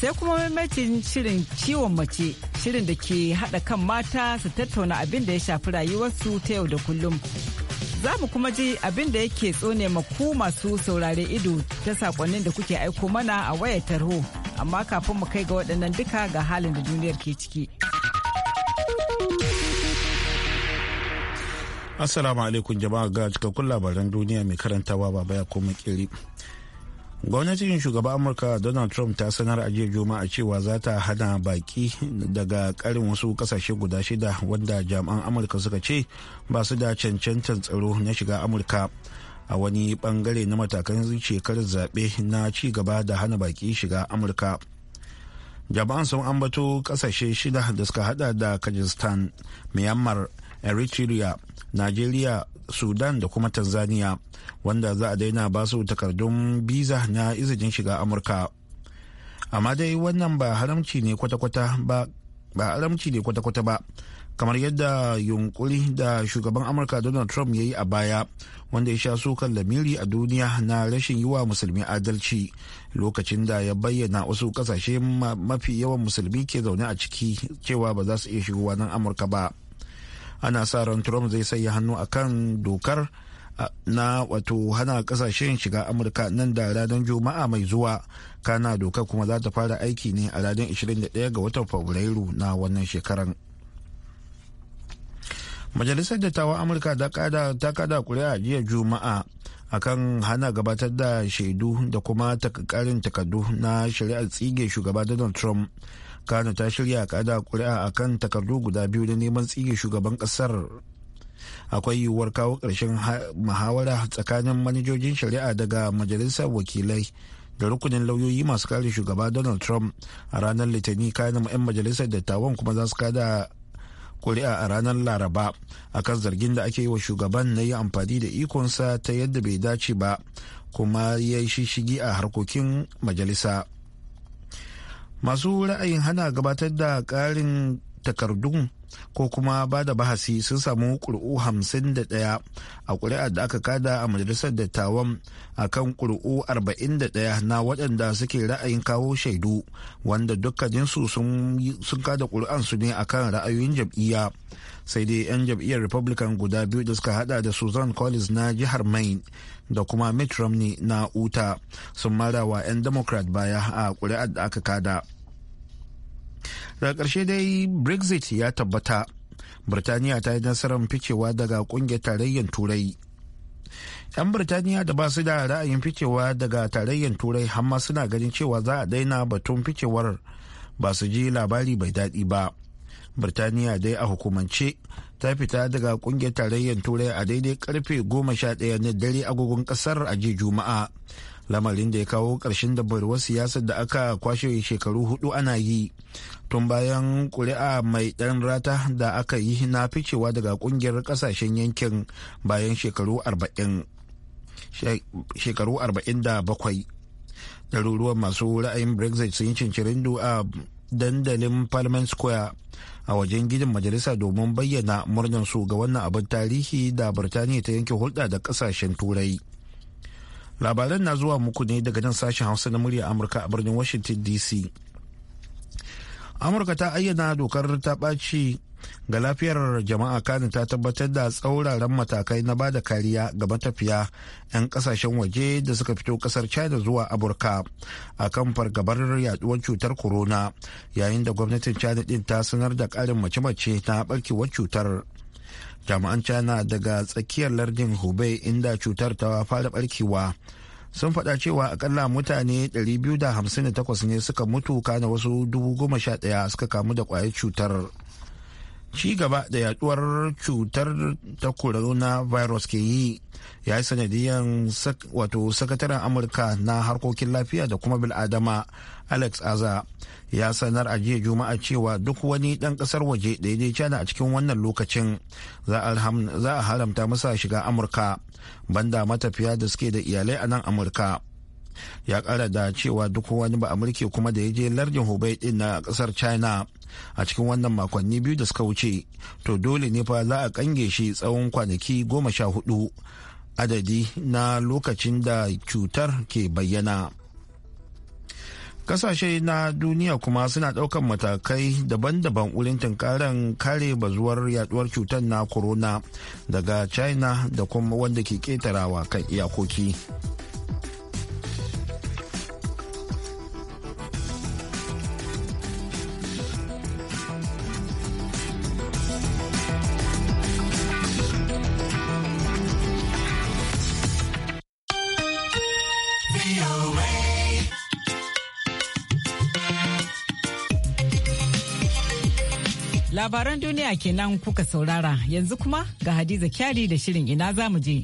sai kuma maimacin shirin ciwon mace shirin da ke hada kan mata su tattauna abin da ya shafi rayuwarsu ta yau da kullum za mu kuma ji abin da yake tsone maku masu saurare ido ta sakonnin da kuke aiko mana a wayar tarho amma kafin mu kai ga waɗannan duka ga halin da duniyar ke ciki assalamu alaikum jama'a ga cikakkun labaran duniya mai karantawa baba ya koma kiri gwamnatin shugaban amurka donald trump ta sanar a jiya juma'a cewa za ta hana baki daga karin wasu kasashe guda shida wanda jami'an amurka suka ce ba su da cancantar tsaro na shiga amurka a wani bangare na matakan shekarar zaɓe na ci gaba da hana baki shiga amurka jama'an sun ambato kasashe shida da suka hada da kajistan myanmar eritrea nigeria sudan da kuma tanzania wanda za a daina ba su takardun biza na izinin shiga amurka amma dai wannan ba haramci ne kwata-kwata ba haramci ne kwata-kwata ba kamar yadda yunkuri da shugaban amurka donald trump ya yi a baya wanda ya sha sukan lamiri a duniya na rashin yi wa musulmi adalci lokacin da ya bayyana wasu kasashe mafi yawan musulmi ke zaune a ciki cewa ba za su iya shigowa nan amurka ba ana sa ran trump zai sanya hannu akan dokar na wato hana kasashen shiga amurka nan da ranar juma'a mai zuwa kana doka kuma za ta fara aiki ne a ranar 21 ga watan fabrairu na wannan shekarar. majalisar dattawan amurka ta kada kuri'a jiya juma'a akan hana gabatar da shaidu da kuma karin takardu na shari'ar tsige shugaba donald trump kano ta shirya kada kuri'a akan takardu guda biyu da neman tsige shugaban kasar akwai yiwuwar kawo ƙarshen muhawara tsakanin manajojin shari'a daga majalisar wakilai da rukunin lauyoyi masu kare shugaba donald trump a ranar litinin kayan 'yan majalisar dattawan kuma za su kada kuri'a a ranar laraba akan zargin da ake yi wa shugaban na yi amfani da ikonsa ta yadda bai dace ba kuma ya yi shishigi a harkokin majalisa. masu ra'ayin hana gabatar da ƙarin takardun ko kuma ba da bahasi sun samu kuri'u hamsin da ɗaya a ƙuri'a da aka kada a majalisar dattawan a kan ƙuri'u arba'in da ɗaya na waɗanda suke ra'ayin kawo shaidu wanda dukkaninsu sun kada ƙuri'ansu ne a kan ra'ayoyin jam'iyya sai dai 'yan jam'iyyar republican guda biyu da suka hada da susan collins na jihar maine da kuma mitt romney na utah sun mara wa 'yan democrat baya a ƙuri'ar da aka kada. daga ƙarshe dai brexit ya tabbata birtaniya ta yi nasarar ficewa daga ƙungiyar tarayyar turai 'yan birtaniya da ba su da ra'ayin ficewa daga tarayyar turai hamma suna ganin cewa za a daina batun ficewar ba su ji labari bai daɗi ba birtaniya dai a hukumance ta fita daga ƙungiyar tarayyar turai a daidai karfe 11 na dare agogon ƙasar a jiya juma'a lamarin da ya kawo ƙarshen dabarwar siyasar da aka kwashe shekaru hudu ana yi tun bayan kuri'a mai ɗan rata da aka yi na ficewa daga ƙungiyar ƙasashen yankin bayan shekaru arba'in shekaru da bakwai ɗaruruwan masu ra'ayin brexit sun yi cincirin a dandalin parliament square a wajen gidan majalisa domin bayyana murnar su ga wannan abin tarihi da birtaniya ta yanke hulɗa da ƙasashen turai labaran na zuwa muku ne daga nan sashen hausa na murya amurka a birnin washington dc amurka ta ayyana dokar ta ɓaci ga lafiyar jama'a kani ta tabbatar da tsauraran matakai na bada kariya ga matafiya 'yan kasashen waje da suka fito kasar china zuwa amurka a kan fargabar yaduwar cutar corona yayin da gwamnatin china din ta sanar da karin mace-mace na barkewar cutar jami'an china daga tsakiyar lardin hubei inda cutar ta fara barkewa sun faɗa cewa akalla mutane 258 ne suka mutu kana wasu 11,000 suka kamu da kwayar cutar. ci gaba da yaduwar cutar ta virus ke yi ya yi sanadiyar wato sakataren amurka na harkokin lafiya da kuma biladama alex aza ya sanar a jiya juma'a cewa duk wani dan kasar waje da ya china a cikin wannan lokacin za a haramta masa shiga amurka banda matafiya da suke da iyalai a nan amurka ya kara da cewa duk wani ba amurke kuma da ya je lardin hubei din na kasar china a cikin wannan makonni biyu da suka wuce to dole ne fa za a kange shi tsawon kwanaki goma sha hudu adadi na lokacin da cutar ke bayyana kasashe na duniya kuma suna daukan matakai daban-daban wurin tunkarar kare bazuwar yaduwar cutar na corona daga china da kuma wanda ke ketarawa kan iyakoki. Labaran duniya kenan kuka saurara yanzu kuma ga Hadiza Kyari da shirin ina za mu je.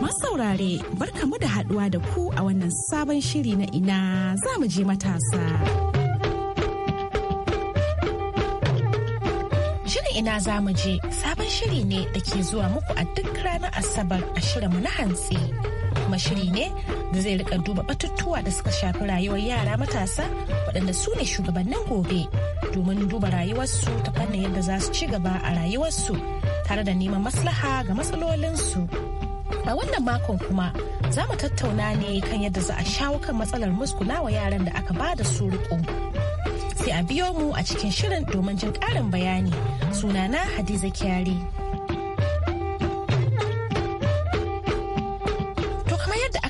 Masaurare mu da haduwa da ku a wannan sabon shiri na ina za mu je matasa. Shirin ina za mu je sabon shiri ne da ke zuwa muku a duk ranar Asabar a shirinmu na hantsi. kuma shiri ne da zai rika duba batutuwa da suka shafi rayuwar yara matasa waɗanda su ne shugabannin gobe domin duba rayuwarsu ta fannin yadda za su ci gaba a rayuwarsu tare da neman maslaha ga matsalolinsu. A wannan makon kuma za mu tattauna ne kan yadda za a shawo kan matsalar wa yaran da aka ba da su riko. Sai a biyo mu a cikin shirin domin jin ƙarin bayani. Sunana Hadiza Kyari.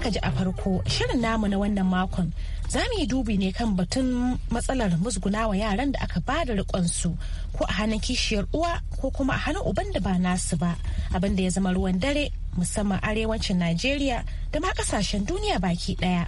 aka ji a farko shirin namu na wannan makon za mu yi dubi ne kan batun matsalar musgunawa yaran da aka bada rikonsu ko a hannun kishiyar uwa ko kuma a hannun uban da ba nasu ba abinda ya zama ruwan dare musamman arewacin najeriya da ma kasashen duniya baki daya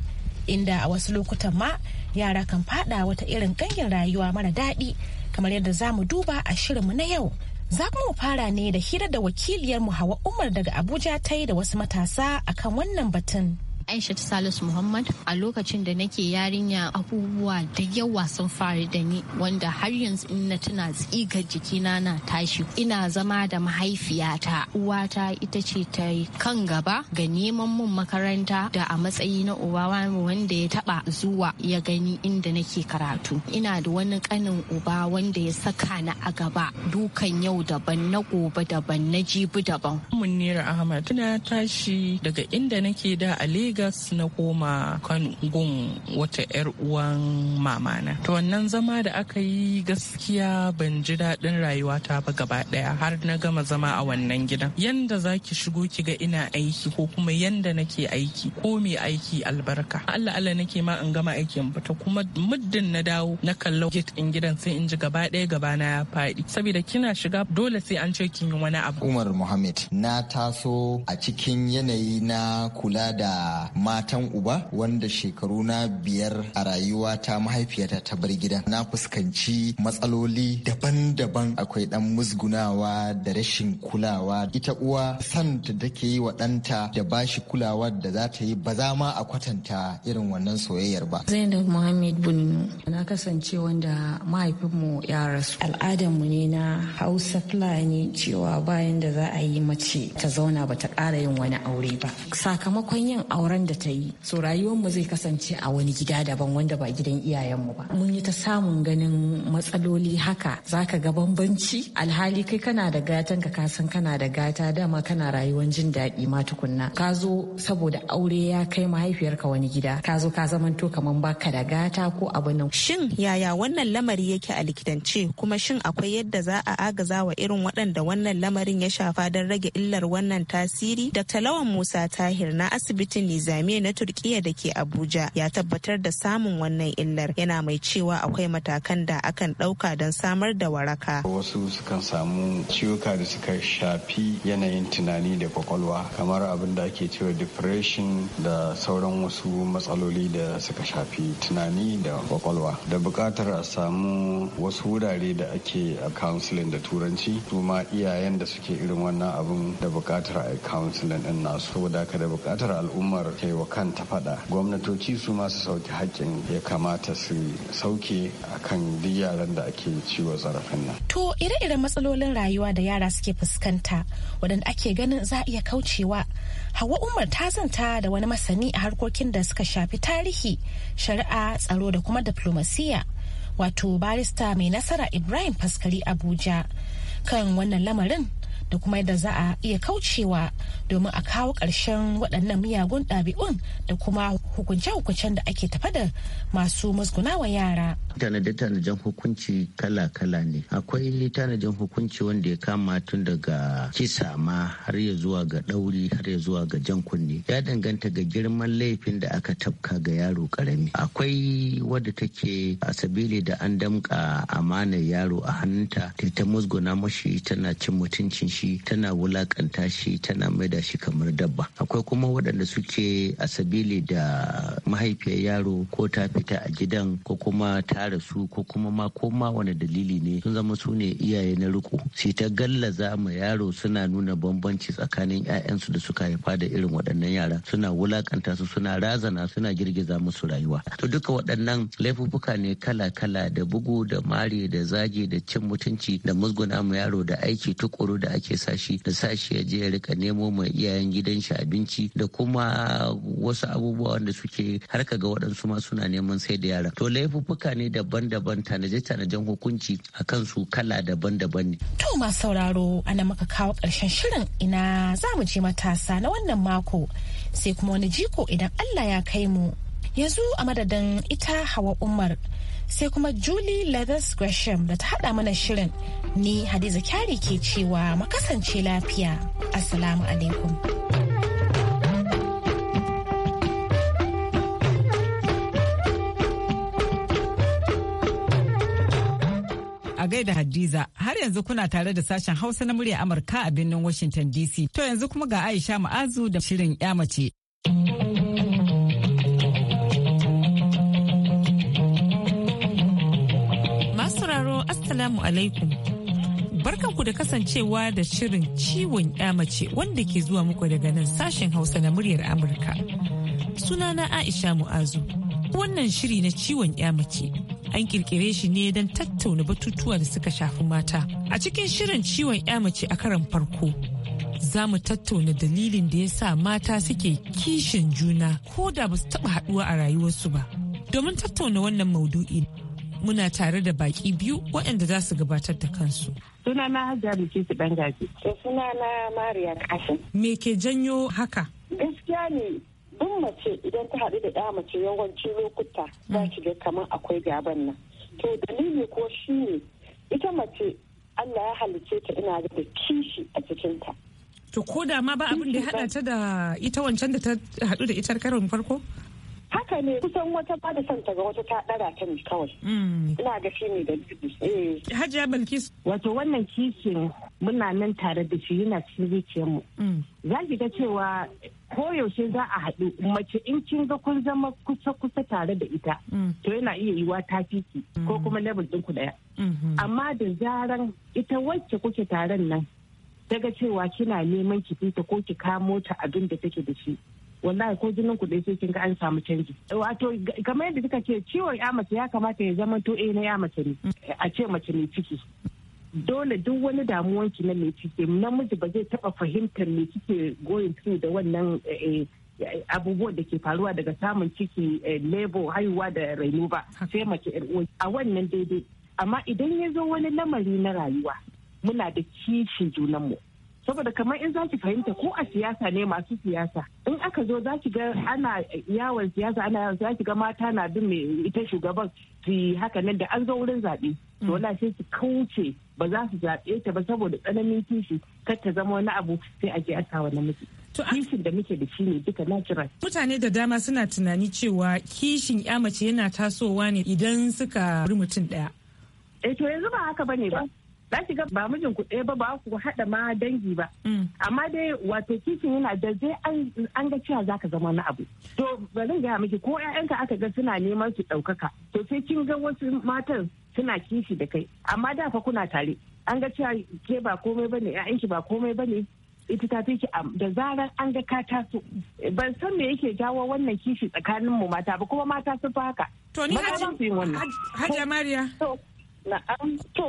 inda a wasu lokutan ma yara kan fada wata irin ganyen rayuwa mara daɗi kamar yadda za mu duba a shirin mu na yau za mu fara ne da hira da wakiliyar mu hawa umar daga abuja ta yi da wasu matasa akan wannan batun aisha salisu muhammad a lokacin da nake yarinya abubuwa da yawa sun faru da ni wanda har yanzu in na tuna tsigar jikina na tashi ina zama da mahaifiyata uwata ita ce ta yi kan gaba ga neman mun makaranta da a matsayi na uba wanda ya taba zuwa ya gani inda nake karatu ina da wani kanin uba wanda ya saka ni a gaba dukan yau daban na gobe daban na jibi daban munnira ahmad na tashi daga inda nake da a Legas na koma kan gun wata 'yar uwan mamana. To wannan zama da aka yi gaskiya ban ji daɗin rayuwata ba gaba ɗaya har na gama zama a wannan gidan. Yanda za ki shigo ki ga ina aiki ko kuma yanda nake aiki ko me aiki albarka. Allah Allah nake ma in gama aikin fita kuma muddin na dawo na kalla gate in gidan sai in ji gaba ɗaya gaba na ya faɗi. Saboda kina shiga dole sai an ce kin yi wani abu. Umar Muhammad na taso a cikin yanayi na kula da matan uba wanda shekaru na biyar a rayuwa ta mahaifiyata ta bar gidan na fuskanci matsaloli daban-daban akwai dan musgunawa da rashin kulawa ita uwa san da take yi wa ɗanta da bashi kulawa da za ta yi ba za ma a kwatanta irin wannan soyayyar ba zainab muhammad Bunnu na kasance wanda mahaifinmu ya rasu Al'adar mu ne na hausa fulani cewa bayan da za a yi mace ta zauna ba ta ƙara yin wani aure ba sakamakon yin auren auren da ta yi so rayuwarmu zai kasance a wani gida daban wanda ba gidan iyayen mu ba mun yi ta samun ganin matsaloli haka zaka ga bambanci alhali kai kana da gatan ka san kana da gata dama kana rayuwar jin daɗi ma tukunna ka zo saboda aure ya kai mahaifiyarka wani gida ka zo ka zaman zamanto kaman baka da gata ko abu nan shin yaya wannan lamari yake a likitance kuma shin akwai yadda za a agaza wa irin waɗanda wannan lamarin ya shafa don rage illar wannan tasiri dr lawan musa tahir na asibitin zame na turkiya da ke abuja ya tabbatar da samun wannan illar yana mai cewa akwai matakan da akan ɗauka don samar da waraka wasu sukan samu ciwuka da suka shafi yanayin tunani da kwakwalwa kamar abin da ake cewa depression da sauran wasu matsaloli da suka shafi tunani da kwakwalwa da bukatar a samu wasu wurare da ake a counseling da turanci kuma iyayen da suke irin wannan abin da bukatar a counseling din nasu saboda haka da buƙatar al'ummar ke wa kanta fada gwamnatoci su masu sauke haƙƙin ya kamata su sauke kan duk yaran da ake ciwo zarafin nan to ire-iren matsalolin rayuwa da yara suke fuskanta waɗanda ake ganin za a iya kaucewa hawa umar ta zanta da wani masani a harkokin da suka shafi tarihi shari'a tsaro da kuma diplomasiya wato barista mai nasara ibrahim faskari abuja kan wannan lamarin da kuma yadda za a iya kaucewa domin a kawo ƙarshen waɗannan miyagun ɗabi'un da kuma hukunce-hukuncen da ake tafa da masu musgunawa yara. tanade-tanaden hukunci kala-kala ne akwai tanadin hukunci wanda ya kama tun daga kisa ma har ya zuwa ga ɗauri har ya zuwa ga jan kunne ya danganta ga girman laifin da aka tabka ga yaro karami akwai wadda take a sabili da an damka amanar yaro a hannunta ta ta musguna mashi tana cin mutuncin shi tana wulakanta shi tana maida shi kamar dabba akwai kuma waɗanda suke a sabili da mahaifiyar yaro ko ta fita a gidan ko kuma ta ya su ko kuma ma koma ma wani dalili ne sun zama su ne iyaye na riko sai ta gallaza ma yaro suna nuna bambanci tsakanin 'ya'yansu da suka haifa da irin waɗannan yara suna wulakanta su suna razana suna girgiza musu rayuwa to duka waɗannan laifuffuka ne kala-kala da bugu da mare da zage da cin mutunci da musguna ma yaro da aiki tukuru da ake sashi da sashi ya je ya rika nemo ma iyayen gidan shi abinci da kuma wasu abubuwa wanda suke har ga waɗansu ma suna neman sai da yara to laifuffuka ne da daban-daban tanaje-tanajen hukunci a su kala daban-daban ne. To masu sauraro ana maka kawo ƙarshen shirin ina za mu je matasa na wannan mako sai kuma wani jiko idan Allah ya kai mu. Yanzu a madadin ita Hawa Umar sai kuma Julie Leathers Gresham da ta haɗa mana shirin ni Hadiza Kyari ke cewa makasance lafiya. Assalamu alaikum. gaida Hadiza har yanzu kuna tare da sashen Hausa na murya Amurka a birnin Washington DC. To yanzu kuma ga Aisha Ma'azu da shirin mace. Masu Assalamu alaikum. Barkanku da kasancewa da shirin ciwon mace wanda ke zuwa muku daga nan sashen Hausa na muryar Amurka. Sunana Aisha Mu'azu. Wannan shiri na ciwon mace an kirkire shi ne don tattauna batutuwa da suka shafi mata. A cikin shirin ciwon ya mace a karan farko, za mu tattauna dalilin da ya sa mata suke kishin juna ko da ba su taɓa haɗuwa a rayuwarsu ba. Domin tattauna wannan maudu'i muna tare da baƙi biyu waɗanda za su gabatar da kansu. Sunana Hajiya Bilkisu Bangaji. Sunana Mariya Kashin. Me ke janyo haka? Gaskiya ne in mace idan ta haɗu da ɗaya mace yawancin lokuta mm. za ki ga kamar akwai gaban nan to dalili ko shi ne ita mace Allah ya halice ta ina da kishi a cikinta to ko da ma ba abin da ya haɗa ta da ita wancan da ta haɗu da ita karon farko haka ne kusan wata ba da son ga wata ta dara ta ne kawai mm. ina ga shi ne da eh hajiya balkis wato wannan kishin muna nan tare da shi yana cikin zuciyarmu mm. za ki ga cewa ko yaushe za a haɗu mace in kin ga kun zama kusa-kusa tare da ita mm. to yana iya yiwa ta ko mm. kuma level ku ɗaya mm-hmm. amma da zaran ita wacce kuke taron nan daga cewa kina neman ki fita ko ki kamo ta abin da take da shi wallahi ko jinin ku sai kin ga an samu canji wato kamar yadda kika ce ciwon ya mace ya kamata ya zama to eh na ya mace ne mm. a ce mace ne ciki dole duk wani ki na mai kike namiji ba zai taba fahimtar me kike going through da wannan eh, eh, abubuwan da ke faruwa daga samun ciki eh, lebo haihuwa da raino ba sai mace a wannan daidai amma idan ya zo wani lamari na rayuwa muna da kishin junanmu saboda kamar in za ki fahimta ko a siyasa ne masu siyasa in aka zo za ki ga ana yawon siyasa ana yawon za ki ga mata na bin ita shugaban su haka nan da an zo wurin zaɓe to mm. wala sai su kauce ba za su zaɓe ta ba saboda tsananin kishi kar ta zama wani abu sai a je a sa wani kishin da muke da shi ne duka natural mutane da dama suna tunani cewa kishin ya mace yana tasowa ne idan suka mutum ɗaya eh to yanzu ba haka ba ne ba za ki ga ba mijin ku ɗaya ba ba ku haɗa ma dangi ba mm. amma dai wato kishin yana da zai an ga cewa zaka zama na abu to bari ga miki ko ƴaƴanka aka ga suna neman su ɗaukaka to sai kin ga wasu matan suna kishi da kai amma da fa kuna tare an ga cewa ke ba komai bane ƴaƴanki ba komai bane ita ta fi da zarar an ga ka taso ban san me yake jawo wannan kishi tsakanin mu mata ba kuma mata sun fi haka to ni hajja mariya Na'am, to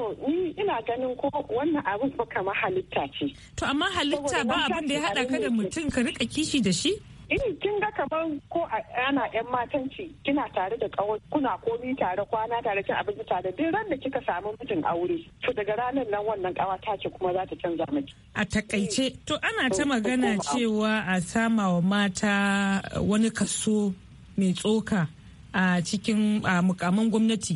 ganin ko wannan abin ko halitta ce. To amma halitta ba abin da ya haɗa ka da mutum ka rika kishi da shi? in eh, kin ga kamar ko ana yan matanci kina tare da kawai kuna komi tare kwana tare cin abinci tare duk ran da kika samu mijin aure to daga ranar nan wannan kawa ta ce kuma za ta canza miki a takaice eh. to ana ta magana cewa a sama wa mata wani kaso mai tsoka a cikin mukamman gwamnati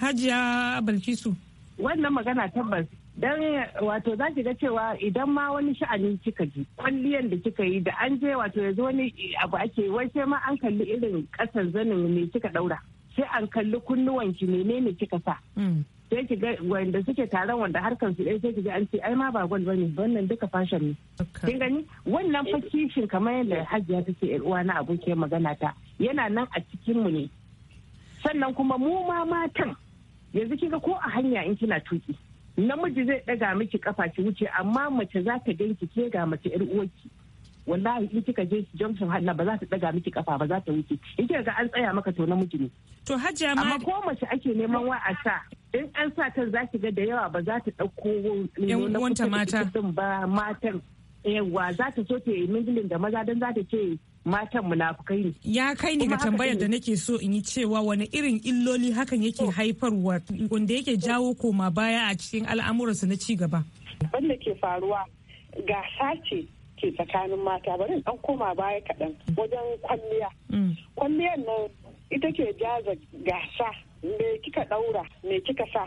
hajiya balkisu wannan magana tabbas dan wato za ki ga cewa idan ma wani sha'ani kika ji kwalliyan da kika yi da an je wato yanzu wani abu ake wai sai ma an kalli irin kasan zanin ne kika daura sai an kalli kunnuwanki menene kika sa mm. sai ki ga wanda suke taron wanda harkar su sai ki ga an ce ai ma ba gwal bane wannan duka fashion ne kin gani wannan fa kamar yadda hajiya take yar uwa na abokiyar magana ta yana nan a cikin mu ne sannan kuma mu ma matan yanzu kinga ko a hanya in kina tuki namiji zai daga miki kafa ki wuce amma mace za ta ganki ke ga mace yar uwarki wallahi in kika je junction hanna ba za ta daga miki kafa ba za ta wuce in kika ga an tsaya maka to namiji ne to amma ko mace ake neman wa a sa in an sa ta za ki ga da yawa ba za ta dauko wanta mata ba matan yawa za ta so ta yi mingilin da maza don za ta ce matan munafukai ne. Ya kai ni ga tambayar da nake so in yi cewa wani irin illoli hakan yake haifarwa wanda yake jawo koma baya a cikin al'amuransu na ci gaba. Wanda ke faruwa gasa ce ke tsakanin mata bari dan koma baya kaɗan wajen kwalliya. Mm. Kwalliyar nan ita ke jaza gasa me kika ɗaura me kika sa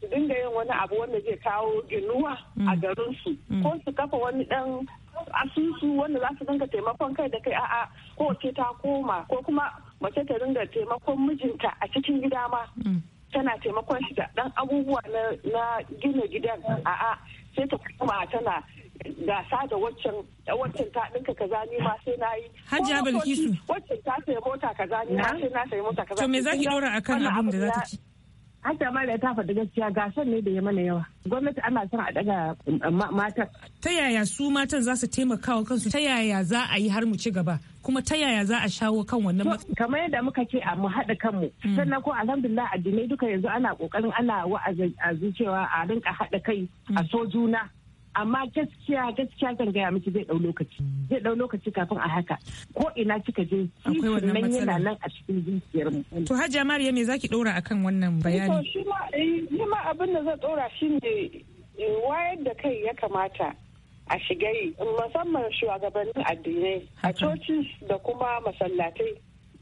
su dinga yin wani abu wanda zai kawo inuwa mm. a garinsu mm. ko su kafa wani dan asusu wanda za su dinga taimakon kai da kai a'a ko ce ta koma ko kuma mace ta dinga taimakon mijinta a cikin gida ma mm. tana taimakon shi da dan abubuwa na gina gidan a'a sai ta koma tana gasa da waccan waccan ta dinka kaza ni ma sai na yi Hajiya Bilkisu waccan ta sai mota kaza ni ma sai na sai mota kaza to me zaki dora akan abin da za ta ci Hajja da ta faɗi gaskiya gasar ne da ya mana yawa. Gwamnati ana son a daga mm, matan. Ta yaya su matan za su taimaka wa kansu? Ta yaya za a yi har mu ci gaba? Kuma ta yaya za a shawo kan wannan matsalar? Kamar yadda muka ce a mu haɗa kanmu. Mm. Sannan ko alhamdulillah addinai duka yanzu ana ƙoƙarin ana wa'azi cewa a rinka haɗa kai a mm. so juna. amma gaskiya gaskiya zan gaya miki zai dau lokaci zai dau lokaci kafin a haka ko ina kika je kishin nan yana nan a cikin zuciyar mu to hajiya mariya me zaki dora akan wannan eh, bayani to shi ma shi eh, ma abin da zan dora shine eh, wayar da kai ya kamata a shiga musamman shugabannin addinai a coci da kuma masallatai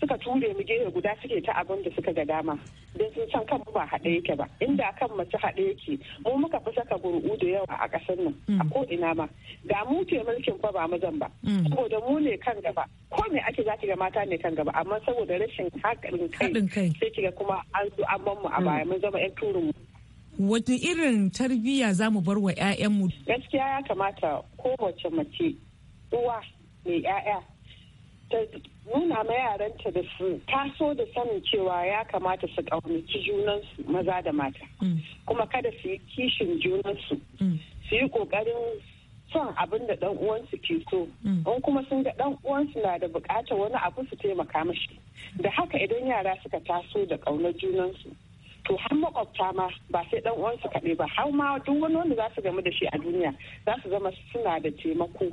suka ture mu gefe guda suke ta abin da suka ga dama don sun san kanmu ba haɗe yake ba inda kan mace haɗe yake mu muka fi saka gurgu da yawa a ƙasar nan a mm. ko ina ma da mu ke mulkin fa ba mazan ba mm. saboda mu ne kan gaba ko me ake za ki ga mata ne kan gaba amma saboda rashin haƙarin kai sai ki ga kuma an zo an mu a baya mm. mun zama 'yan turin mu wata irin tarbiyya za mu bar wa 'ya'yanmu? Gaskiya ya kamata kowace mace uwa mai 'ya'ya ta nuna ma yaranta da su taso da sanin cewa ya kamata su ƙaunaci junansu maza da mata mm. kuma kada su yi kishin junansu mm. su yi ƙoƙarin son abin da ɗan uwansu ke so mm. in kuma sun ga ɗan uwansu na da buƙatar wani abu su taimaka mashi da haka idan yara suka taso da ƙaunar junansu to har makwabta ma ba sai dan uwansu kaɗai ba har ma duk wani wanda za su gamu da shi a duniya za su zama suna da taimako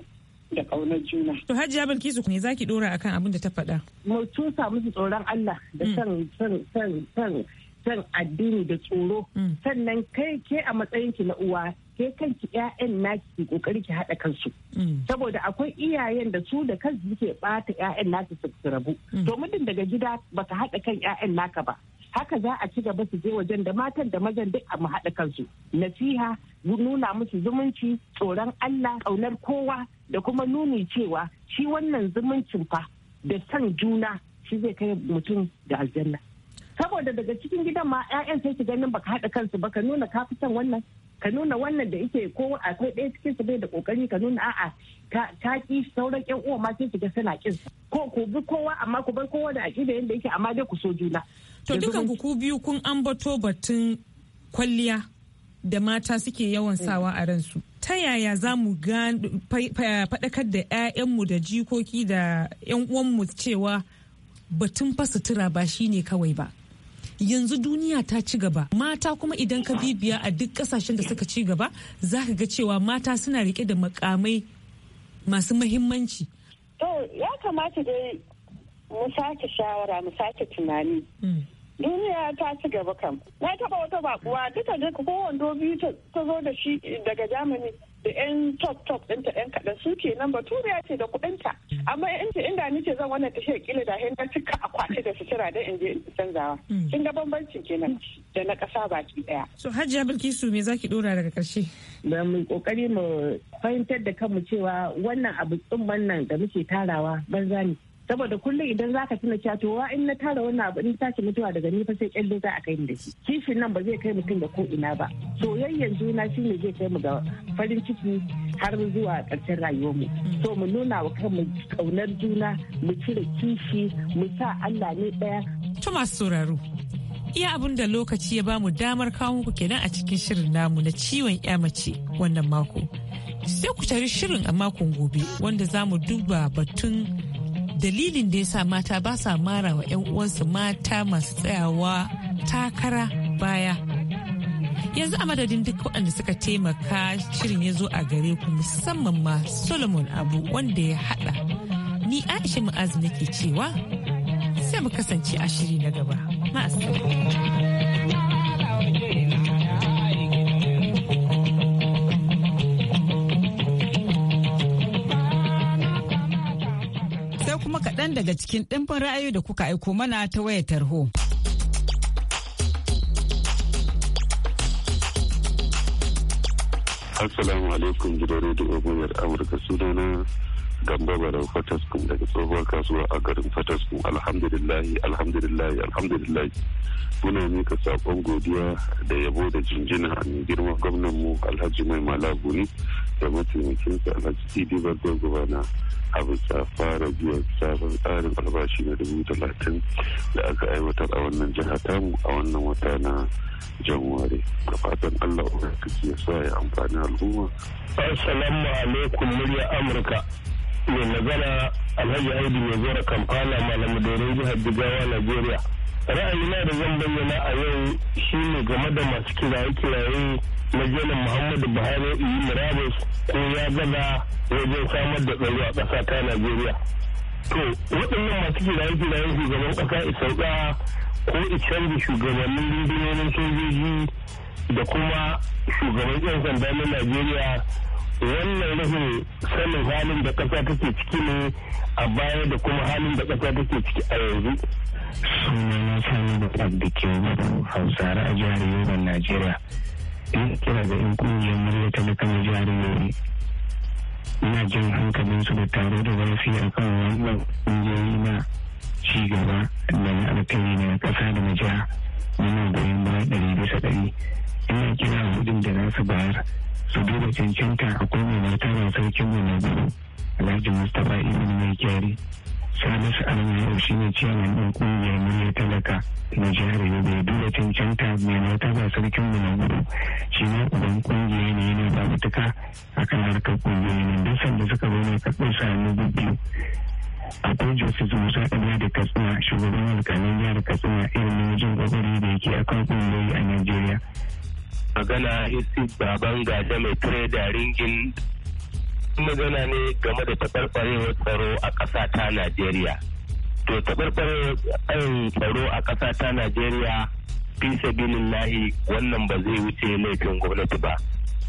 da kaunar juna. To Hajiya Bilkisu ne zaki ki ɗora akan abin da ta faɗa. Mu tusa musu tsoron Allah da hmm. san san san san son addini da tsoro mm. sannan kai ke a matsayinki na uwa ke kanki ƴaƴan naki ki kokari ki haɗa kansu mm. saboda akwai iyayen da su da kansu suke bata ƴaƴan nasu su rabu mm. to mutum daga gida baka haɗa kan ƴaƴan naka ba haka za a ci gaba su je wajen da matan da mazan duk a haɗa kansu nasiha nuna musu zumunci tsoron Allah ƙaunar kowa da kuma nuni cewa shi wannan zumuncin fa da san juna shi zai kai mutum da aljanna saboda daga cikin gidan ma 'ya'yan sai ki ganin baka haɗa kansu ba ka nuna ka wannan ka nuna wannan da yake ko akwai ɗaya cikin su bai da kokari ka nuna a'a ta ki sauran ƴan uwa ma sai su ga suna kin ko ku bi kowa amma ku bar kowa da aƙida yadda yake amma dai ku so juna to dukan ku biyu kun ambato batun kwalliya da mata suke yawan eh. sawa a ransu ta yaya za mu faɗakar da 'ya'yanmu da jikoki da 'yan uwanmu cewa batun fa sutura ba shine kawai ba yanzu duniya ta ci gaba mata kuma idan ka bibiya a duk kasashen da suka ci gaba za ka ga cewa mata suna rike da makamai masu mahimmanci to ya kamata dai mu sake shawara mu sake tunani hmm. duniya ta ci gaba kam na taba wata bakuwa duka duka kowanne biyu ta zo da shi daga jamani da yan top top ɗinta yan kaɗan su ke nan baturiya ce da kuɗinta amma in ce inda ni ce zan wannan ta tashar kila da na cika akwati da sutura don in je in canzawa hmm. kin ga bambancin kenan da na ƙasa baki ɗaya. so hajiya bilkisu me zaki dora daga ƙarshe. da mu kokari mu fahimtar da kanmu cewa wannan abu tsumman nan da muke tarawa banza ne saboda kullum idan za ka tuna cewa to in na tara wannan abu in tashi mutuwa daga ni fa sai kyalle za a kai ni da shi kishin nan ba zai kai mutum da ko ina ba soyayyen juna shi ne zai kai mu ga farin ciki har zuwa karshen rayuwar mu so mu nuna wa kanmu kaunar juna mu cire kishi mu sa Allah ne daya to masu sauraro Iya abin da lokaci ya bamu damar kawo ku kenan a cikin shirin namu na ciwon ya mace wannan mako. Sai ku tari shirin a makon gobe wanda za mu duba batun dalilin da ya sa mata ba sa mara wa 'yan uwansu mata masu tsayawa takara baya yanzu a madadin duk waɗanda suka taimaka shirin ya zo a gare ku musamman ma solomon abu wanda ya haɗa ni aisha mu'azu nake cewa sai mu kasance a shiri na gaba ma'asar kaɗan daga cikin ɗimbin ra'ayoyi da kuka aiko mana ta wayar tarho. Assalamu alaikum gidan rediyo muryar Amurka sunana Gambo Barau Fataskun daga tsohuwar kasuwa a garin Fataskun alhamdulillahi alhamdulillahi alhamdulillahi muna mika saƙon godiya da yabo da jinjina a girma gwamnan mu Alhaji Mai Malabuni. da mataimakin sa alhaji idi babban abu ta fara biyan sabon tsarin albashi na dubu talatin da aka aiwatar a wannan jiha tamu a wannan wata na janware da fatan allah ubangiji ya sa ya amfani al'umma assalamu alaikum murya amurka mai magana alhaji aidi mai zora kamfana malamu doron jihar jigawa nigeria. ra'ayina da zan bayyana a yau shi ne game da masu kiraye-kiraye na janar muhammadu buhari yi murabus ko ya gaza wajen samar da tsaro a ƙasa ta najeriya to waɗannan masu kiraye kiraye shugaban ƙasa isauka ko canza shugabannin rundunonin sojoji da kuma shugaban 'yan sanda na najeriya wannan rashin sanin halin da ƙasa take ciki ne a baya da kuma halin da ƙasa take ciki a yanzu sunana sami da kwab da ke hausare a jihar yoruba najeriya ina kira ga yan kungiyar murya talaka na jihar yori ina jin hankalin su da taro da zafi a kan wannan kungiyoyi na ci gaba da na alkali na kasa da na jiha muna goyon baya ɗari bisa ɗari ina kira hudun da za su bayar su duba cancanta akwai mai martaba sarkin mu na alhaji mustapha ibn mai kyari salisu alamu shi ne ciyaman ɗin ƙungiyar murya talaka na jihar yobe duba cancanta mai mata ba sarkin mu na gudu shi ne uban ƙungiya ne yana fafutuka a kan harkar ƙungiyoyin duk sanda suka zo ne karɓar sami biyu akwai joseph musa ɗaya da katsina shugaban alƙalin jihar katsina irin wajen ƙwaƙwari da yake akan ƙungiyoyi a najeriya magana Yusuf Baban Gada mai da ringin magana ne game da taɓarɓarewar tsaro a ƙasa ta Najeriya. To taɓarɓarewar tsaro a ƙasa ta Najeriya fi lahi wannan ba zai wuce laifin gwamnati ba.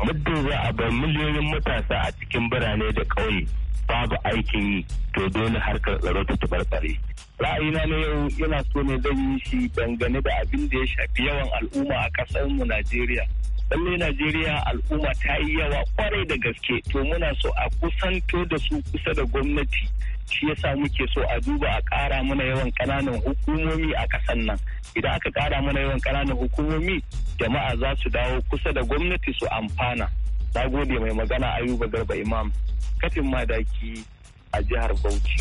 Muddin za a bar miliyoyin matasa a cikin birane da ƙauye babu aikin yi to dole harkar tsaro ta taɓarɓare. Ra'ayina na yau yana so ne zan yi shi dangane da abin da ya shafi yawan al'umma a ƙasarmu Najeriya. lalle najeriya al'umma ta yi yawa kwarai da gaske to muna so a kusanto da su kusa da gwamnati shi yasa muke so a duba a ƙara mana yawan ƙananan hukumomi a ƙasan nan idan aka ƙara mana yawan ƙananan hukumomi jama'a za su dawo kusa da gwamnati su amfana na gode mai magana ayuba garba imam katin madaki a jihar bauchi.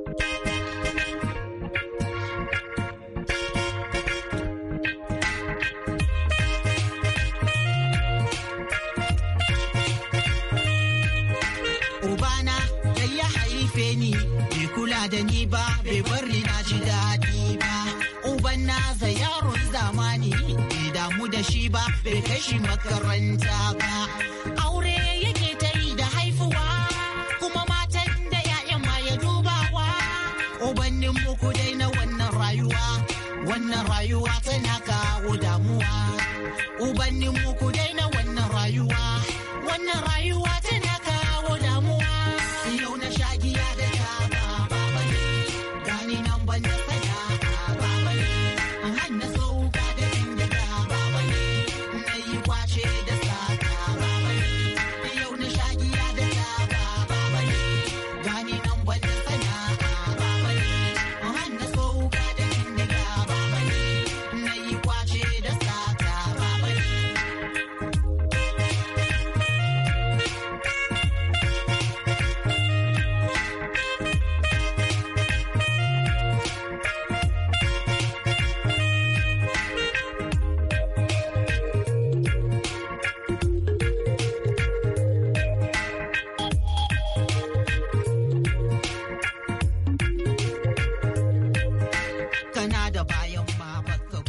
da shi ba bai kai makaranta ba aure yake ta yi da haifuwa kuma matan da ya'yan ma ya dubawa ubannin muku dai na wannan rayuwa wannan rayuwa tana kawo damuwa ubannin muku dai na wannan rayuwa wannan rayuwa tana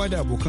uwa da abokan